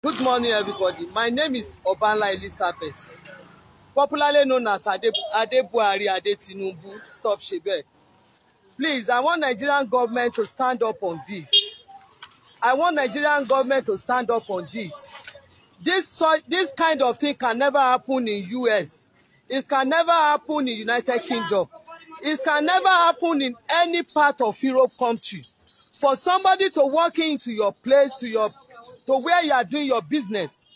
Good morning, everybody. My name is Obanla Elizabeth, popularly known as Ade, Ade Buhari Ade Tinubu. Stop Shebe. Please, I want Nigerian government to stand up on this. I want Nigerian government to stand up on this. This, this kind of thing can never happen in US. It can never happen in United Kingdom. It can never happen in any part of Europe country. For somebody to walk into your place, to your to where you are doing your business.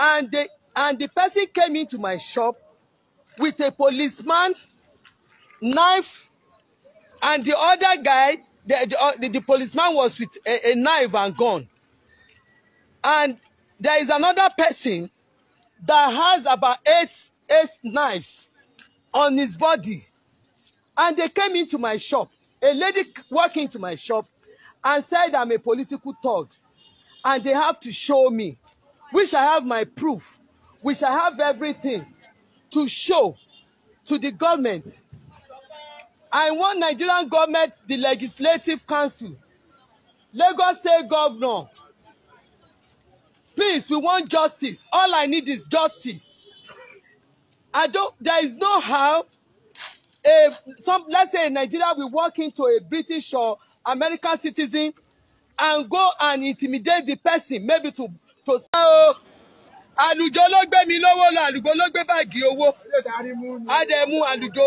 And the, and the person came into my shop with a policeman, knife, and the other guy, the, uh, the, the policeman was with a, a knife and gun. And there is another person that has about eight, eight knives on his body. And they came into my shop. A lady walk into my shop and said I'm a political thug and they have to show me, which I have my proof, which I have everything to show to the government. I want Nigerian government, the Legislative Council, Lagos State Governor. Please, we want justice. All I need is justice. I don't, there is no how a, some, let's say in Nigeria, we walk into a British or American citizen and go and intimidate the person maybe to to. àlùjọ ló gbé mi lọ́wọ́ lọ àlùjọ ló gbé báàgì owó àdẹ̀mú àlùjọ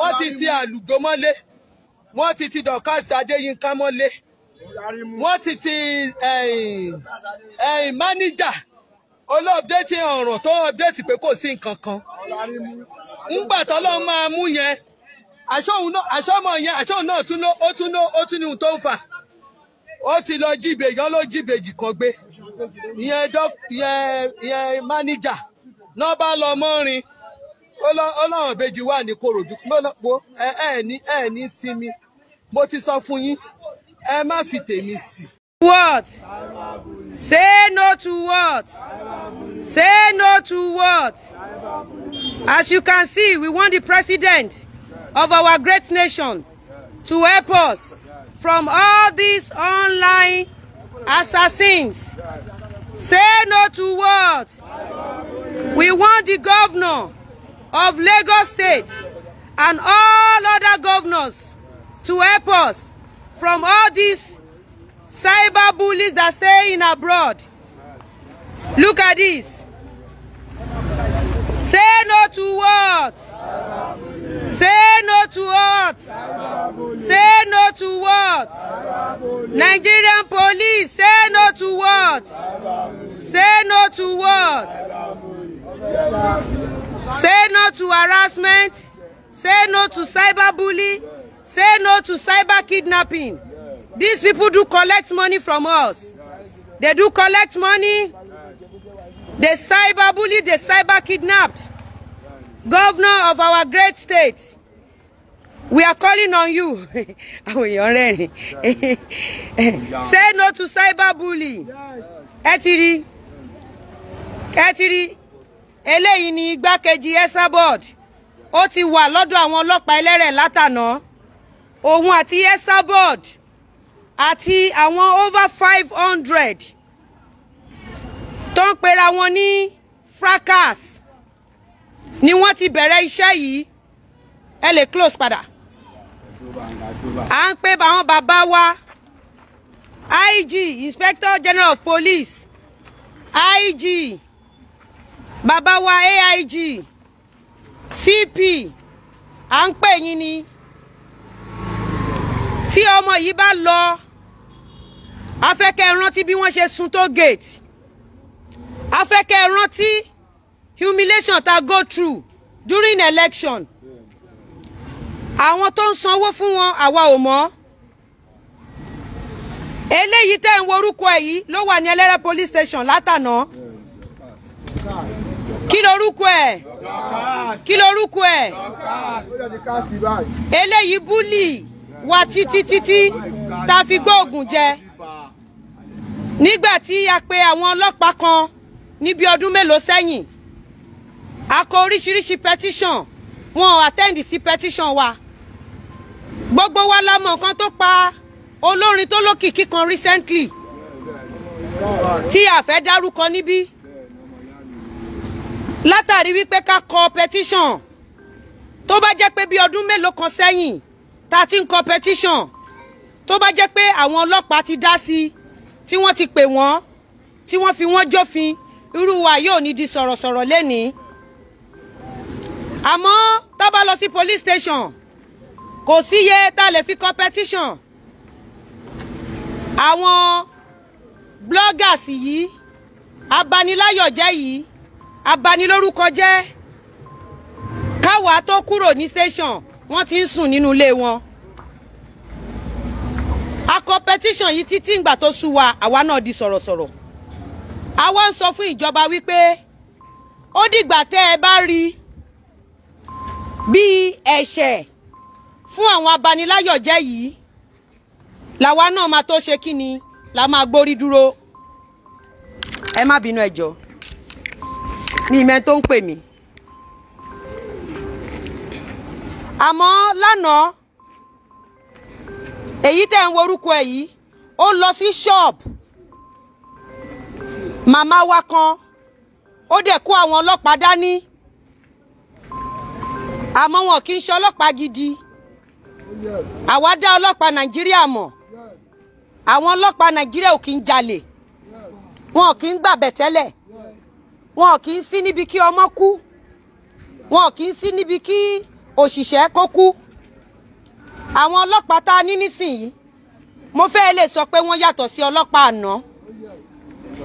wọ́n ti ti àlùjọ mọ́lé wọ́n ti ti dọ̀kásì adéyínká mọ́lé wọ́n ti ti máníjà olóòbdétì ọ̀ràn tó ọ̀bdétì pé kò sí nǹkan kan ńgbà tọ́lọ́ máa mú yẹn àṣọ́mọ̀ yẹn àṣọ́mọ̀ náà tún ló ó tún ló ó tún ní ohun tó ń fà ó ti lọ jíbe yọ ló jíbejì kan gbé ìyẹn dọ ìyẹn ìyẹn máníjà bá lọ mọrin ó láwọn wà ní korodu gbọ́dọ̀ ẹ ẹ ní ẹ ní sinmi mo ti sọ fún yín ẹ má fi tèmi sí. What? Say no to what? Say no to what? As you can see, we want the president of our great nation to help us from all these online assassins. Say no to what? We want the governor of Lagos State and all other governors to help us from all these cyber bullies that stay in abroad. Look at this. Say no to what? Say no to what? Say no to what? Nigerian police, say no to what? Say no to what? Say no to harassment. Say no to cyberbullying. Say no to cyber kidnapping. These people do collect money from us. They do collect money. They cyberbully, they cyber kidnapped governor of our great state we are calling on you àwọn èèyàn rẹ́rìn say no to cyberbullying ẹ ti rí ẹ ti rí eléyìí ni igbákejì esabod ó wa lodo lọ́dọ̀ àwọn ọlọ́pàá ẹlẹ́rẹ̀ látànà òun àti esabod Ati àwọn over five hundred tó ń pera wọn ní fracas ni wọ́n ti bẹ̀rẹ̀ iṣẹ́ yìí ẹ lè close padà à ń pè báwọn bàbá wa IG Inspector General of Police IG bàbá wa AIG CP à ń pè yín ni tí ọmọ yìí bá lọ afẹ́kẹ́ rántí bí wọ́n ṣe sun tó gate afẹ́kẹ́ rántí humiliation ta go through during election àwọn tó ń sanwó fún wọn àwa ò mọ̀ eléyìí tẹ́ ń worúkọ ẹ̀ yìí ló wà ní ẹlẹ́rẹ́ police station látànà kí lorúkọ ẹ̀ kí lorúkọ ẹ̀ eléyìí búlì wa títí títí ta fi gbọ́ ògùn jẹ nígbà tí a pe àwọn ọlọ́pàá kan níbi ọdún mélòó sẹ́yìn a kọ oríṣiríṣi petition wọn attend sí petition wa gbogbo wa la mọ̀ nǹkan tó pa olórin tó lókìkí kan recently tí a fẹ́ dárúkọ níbí látàrí wípé ká kọ petition tó bá jẹ́ pé bí ọdún mélòó kan sẹ́yìn ta ti ń kọ petition tó bá jẹ́ pé àwọn ọlọ́pàá ti dá sí i tí wọ́n ti pè wọ́n tí wọ́n fi wọ́n jófin irú wa yóò ní di sọ̀rọ̀sọ̀rọ̀ lénìí àmọ́ tá a bá lọ sí police station kò síye tá a lè fi competition àwọn bloggers yìí abaniláyọ̀jẹ́ yìí abanilórúkọ jẹ́ káwa tó kúrò ní station wọ́n ti ń sùn nínú ilé wọn a competition yìí títí ìgbà tó sú wa àwa náà di sọ̀rọ̀sọ̀rọ̀ àwa ń sọ fún ìjọba wípé ó dìgbà tẹ́ ẹ bá rí i bíi ẹ̀ṣẹ̀ fún àwọn abaniláyọ̀jẹ́ yìí làwa náà máa tó ṣe kí ni la máa gbórí dúró ẹ má bínú ẹ jọ̀ọ́ ní ìmẹ́ tó ń pè mí àmọ́ lánàá èyí tẹ́ ń worúkọ ẹ̀ yìí ó lọ sí ṣọ́ọ̀bù màmá wa kan ó dẹ̀ kó àwọn ọlọ́pàá dání àmọ́ wọn kì í ṣe ọlọ́pàá gidi àwa dá ọlọ́pàá nàìjíríà mọ̀ àwọn ọlọ́pàá nàìjíríà ò kì í jalè wọn kì í gbàbẹ̀ tẹ́lẹ̀ wọn kì í sí níbi kí ọmọ kú wọn kì í sí níbi kí òṣìṣẹ́ kó kú àwọn ọlọ́pàá tá a ní nísìnyí mo fẹ́ lè sọ pé wọ́n yàtọ̀ sí ọlọ́pàá àná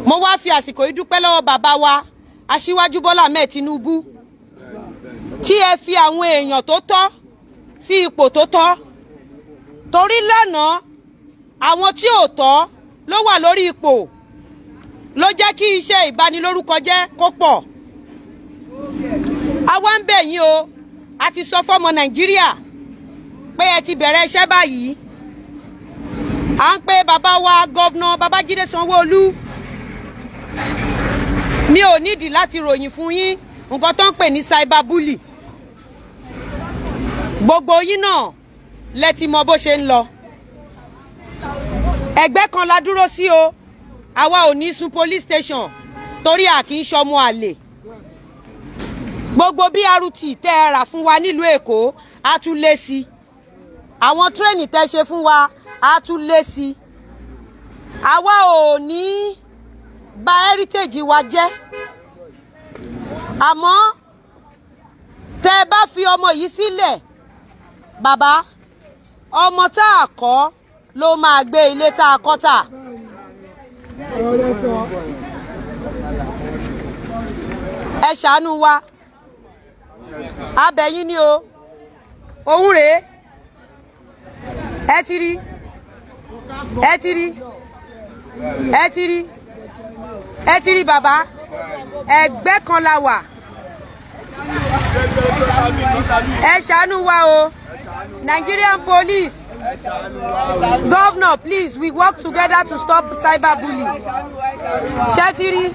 mo wá fi àsìkò yìí dúpẹ́ lọ́wọ́ bàbá wa aṣíwájú bọ́lá mẹ́ẹ̀ tinubu tí ẹ fi àwọn èèyàn tó tọ́ sí ipò tó tọ́ torí lánàá àwọn tí ò tọ́ ló wà lórí ipò ló jẹ́ kí iṣẹ́ ìbanilórúkọ jẹ́ kó pọ̀ àwa ń bẹ̀ yín o a ti sọ fọ́mọ Nàìjíríà pé ẹ ti bẹ̀rẹ̀ iṣẹ́ báyìí à ń pe bàbá wa gọ́vnà Babájídé sanwó mi ò nídìí láti ròyìn fún yín nǹkan tó ń pè ní cyber bully gbogbo yín náà lẹ ti mọ bó ṣe ń lọ ẹgbẹ́ kan la dúró sí o àwa ò ní sun police station torí a kì í ṣọmọ àlè gbogbo BRT tẹ́ ẹ rà fún wa nílùú Èkó a tún lé sí i àwọn tírẹ́ẹ̀nì tẹ́ ṣe fún wa a tún lé sí i àwa ò ní bà heritage wa jẹ́ àmọ́ tẹ́ ẹ bá fi ọmọ yìí sílẹ̀. Si bàbá ọmọ tá a kọ́ ló máa gbé ilé tá a kọ́ tà. ẹ ṣàánú wa abẹ́yín ni o òun rèé ẹ ti rí ẹ ti rí ẹ ti rí ẹ ti rí bàbá ẹgbẹ́ kan la wà ẹ ṣàánú wa o. Nigerian police, governor, please, we work together to stop cyberbullying. Shatiri,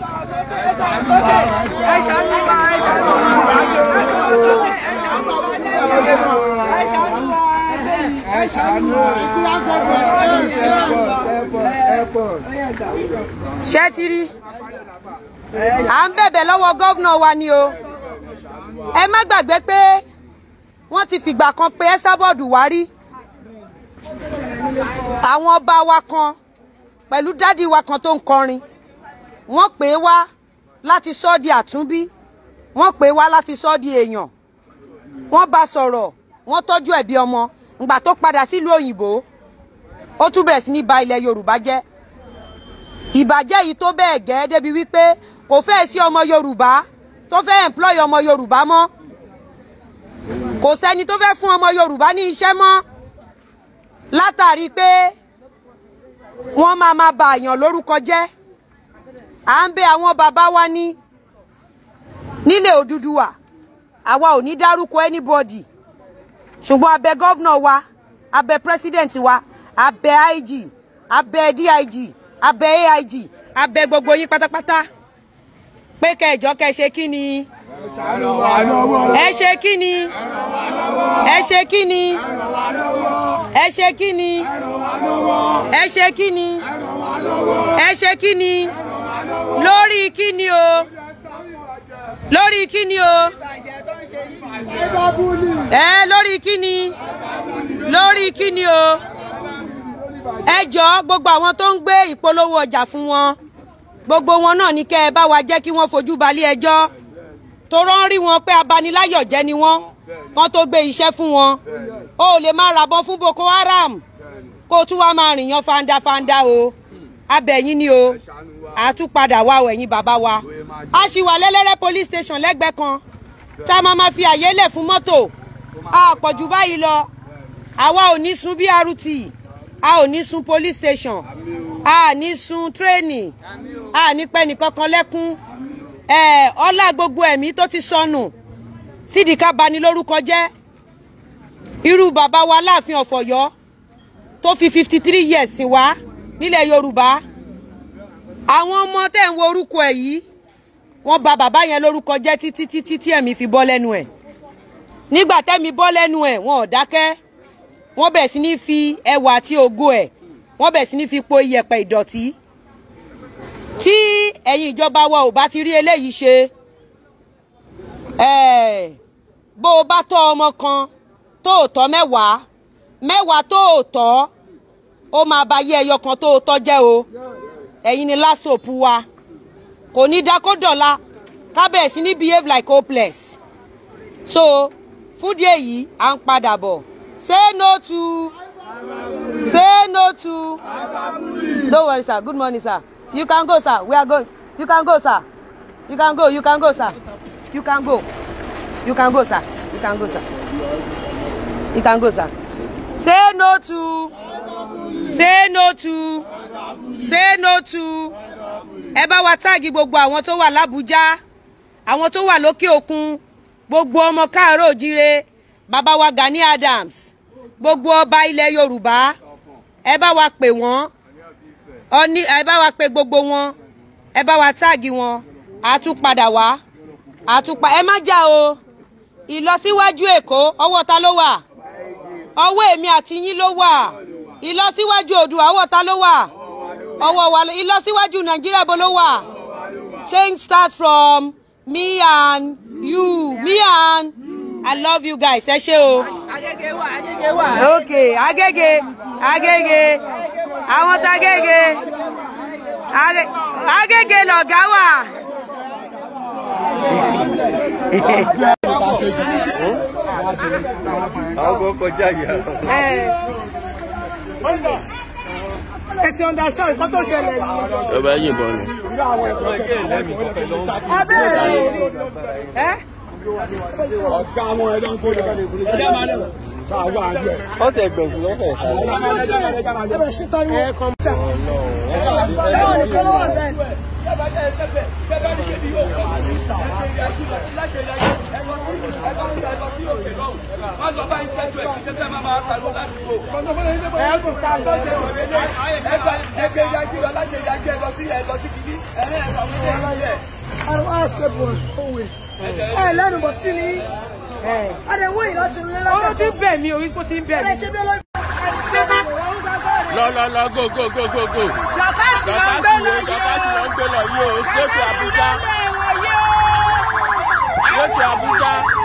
shatiri. À ń bẹ̀bẹ̀ lọ́wọ́ gómìnà wa ni o. Ẹ má gbàgbé pé wọ́n ti fìgbà kan pé Esabod wá rí àwọn ọba wa kan pẹ̀lú dádì wa kan tó ń kọrin wọ́n pè é wá láti sọ di àtúnbí wọ́n pè é wá láti sọ di èèyàn wọ́n bá sọ̀rọ̀ wọ́n tọ́jú ẹ̀bí ọmọ ngbà tó padà sílùú òyìnbó ó tún bẹ̀rẹ̀ sí ní ba ilẹ̀ Yorùbá jẹ́ ìbàjẹ́ yìí tó bẹ́ẹ̀ gẹ́ débi wípé kò fẹ́ẹ̀ sí ọmọ Yorùbá tó fẹ́ employ ọmọ Yorùbá mọ́ kò sẹ́ni tó fẹ́ fún ọmọ Yorùbá ní iṣẹ́ mọ́ látàrí pé wọ́n máa ma bà àyàn lórúkọ jẹ́ à ń bẹ àwọn bàbá wa ní nílẹ̀ Odùduwà àwa ò ní dárúkọ anybody ṣùgbọ́n abẹ gọ́vnà wa abẹ president wa abẹ IG abẹ DIG abẹ AIG abẹ gbogbo yín pátápátá pé kẹjọ kẹ ṣe kí ni ẹ ṣe kí ni ẹ ṣe kí ni ẹ ṣe kí ni ẹ ṣe kí ni ẹ ṣe kí ni lórí kí ni o lórí kí ni o ẹ lórí kí lórí kí o ẹ jọ̀ọ́ gbogbo àwọn tó ń gbé ìpolówó ọjà fún wọn gbogbo wọn náà ní kẹ́ ẹ bá wa jẹ́ kí wọ́n fojú balẹ̀ ẹjọ́ torọ́ ń rí wọn pé abaniláyọ̀jẹ́ ni wọ́n kan tó gbé iṣẹ́ fún wọn o ò lè máa ràbọn fún Boko Haram kó o tún wá máa rìnyàn fandafanda o abẹ́yìn ni o àtúpadà wa ẹ̀yìn bàbá wa a sì wà lẹ́lẹ́rẹ́ police station lẹ́gbẹ̀ẹ́ kan tá a máa ma fi àyè lẹ̀ fún mọ́tò a pọ̀jù báyìí lọ àwa ò ní sun BRT a ò ní sun police station a ní sun training a ní pẹ́ni kankan lẹ́kún ọlá gbogbo ẹ̀mí tó ti sọnù sídìí ká bani lórúkọ jẹ́ irú bàbá wa láàfin ọ̀fọ̀yọ́ tó fi fifty three years sìn wá nílẹ̀ yorùbá àwọn ọmọ tẹ̀ ń wo orúkọ ẹ̀ yìí wọ́n bà bàbá yẹn lórúkọ jẹ́ títí títí tí ẹ̀mí fi bọ́ lẹ́nu ẹ̀ nígbà tẹ́mi bọ́ lẹ́nu ẹ̀ wọn ò dákẹ́ wọ́n bẹ̀ sí ní fi ẹwà àti ògo ẹ̀ wọ́n bẹ̀ sí ní fi po iyẹ̀pẹ̀ ìdọ̀tí tí ẹ̀yin ìjọba wa ò bá ti rí eléyìí ṣe eh, bó o bá tọ́ ọmọ kan tó o tọ́ mẹ́wàá mẹ́wàá tó o tọ́ ó máa ba yé ẹyọ kan tó o tọ́ jẹ́ o ẹ̀yin ni lásòpù wa kò ní dákódọ̀la kábẹ̀sí ní behave like hopeless so fúdí èyí à ń padà bọ̀ say no to say no to no worry sir good morning sir. You can go, sir. We are going. You can go, sir. You can go. You can go, sir. You can go. You can go, sir. You can go, sir. You can go, sir. Say no to. Say no to. Say no to. Ẹ bá wa táàgì gbogbo àwọn tó wà l'Ábújá, àwọn tó wà lókè òkun, gbogbo ọmọ káàárọ̀ òjíire, bàbá wa Gani Adams, gbogbo ọba ilẹ̀ Yorùbá, ẹ wa pè wọ́n ọní ẹ bá wa pè gbogbo wọn ẹ bá wa táàgì wọn àtúpadà wá àtúpa ẹ má jà o ìlọsíwájú Èkó ọwọ́ ta ló wà ọwọ́ èmi àti yín ló wà ìlọsíwájú Oòduà ọwọ́ ta ló wà ọwọ́ wa ìlọsíwájú Nàìjíríà bó ló wà change start from me and you me and I love you guys ẹ ṣé o. Agége wà Agége wà. okay Agége Agége àwọn tagége agége lọ̀gá wà. àwọn kan kọjá yà. ẹ ti understand nǹkan tó ṣẹlẹ̀ ni. ọba yìnbọn ni. abẹ́rẹ́ yìí ni. ọ̀gá àwọn ẹ̀dọ́ ń kó lọ ọ̀tẹ̀ ẹgbẹ̀rún lọ́fẹ̀ẹ́ sáré. ọlọ́run ẹ̀ka máa bẹ̀. Àwọn àṣẹ bọ̀ ọ̀wẹ̀ ẹ̀ lẹ́nu bọ̀ sí ni ọ̀dẹ̀ wọ́n yìí lọ́sìn lé lọ́jọ́. ó ti bẹ̀ mí orí kó ti ń bẹ̀ mí. lọ lọ lọ go go go go go. lọ́fàsì ló ń gbé lọ yìí o lọ́fàsì ló ń gbé lọ yìí o stéètì Àbújá. stéètì Àbújá.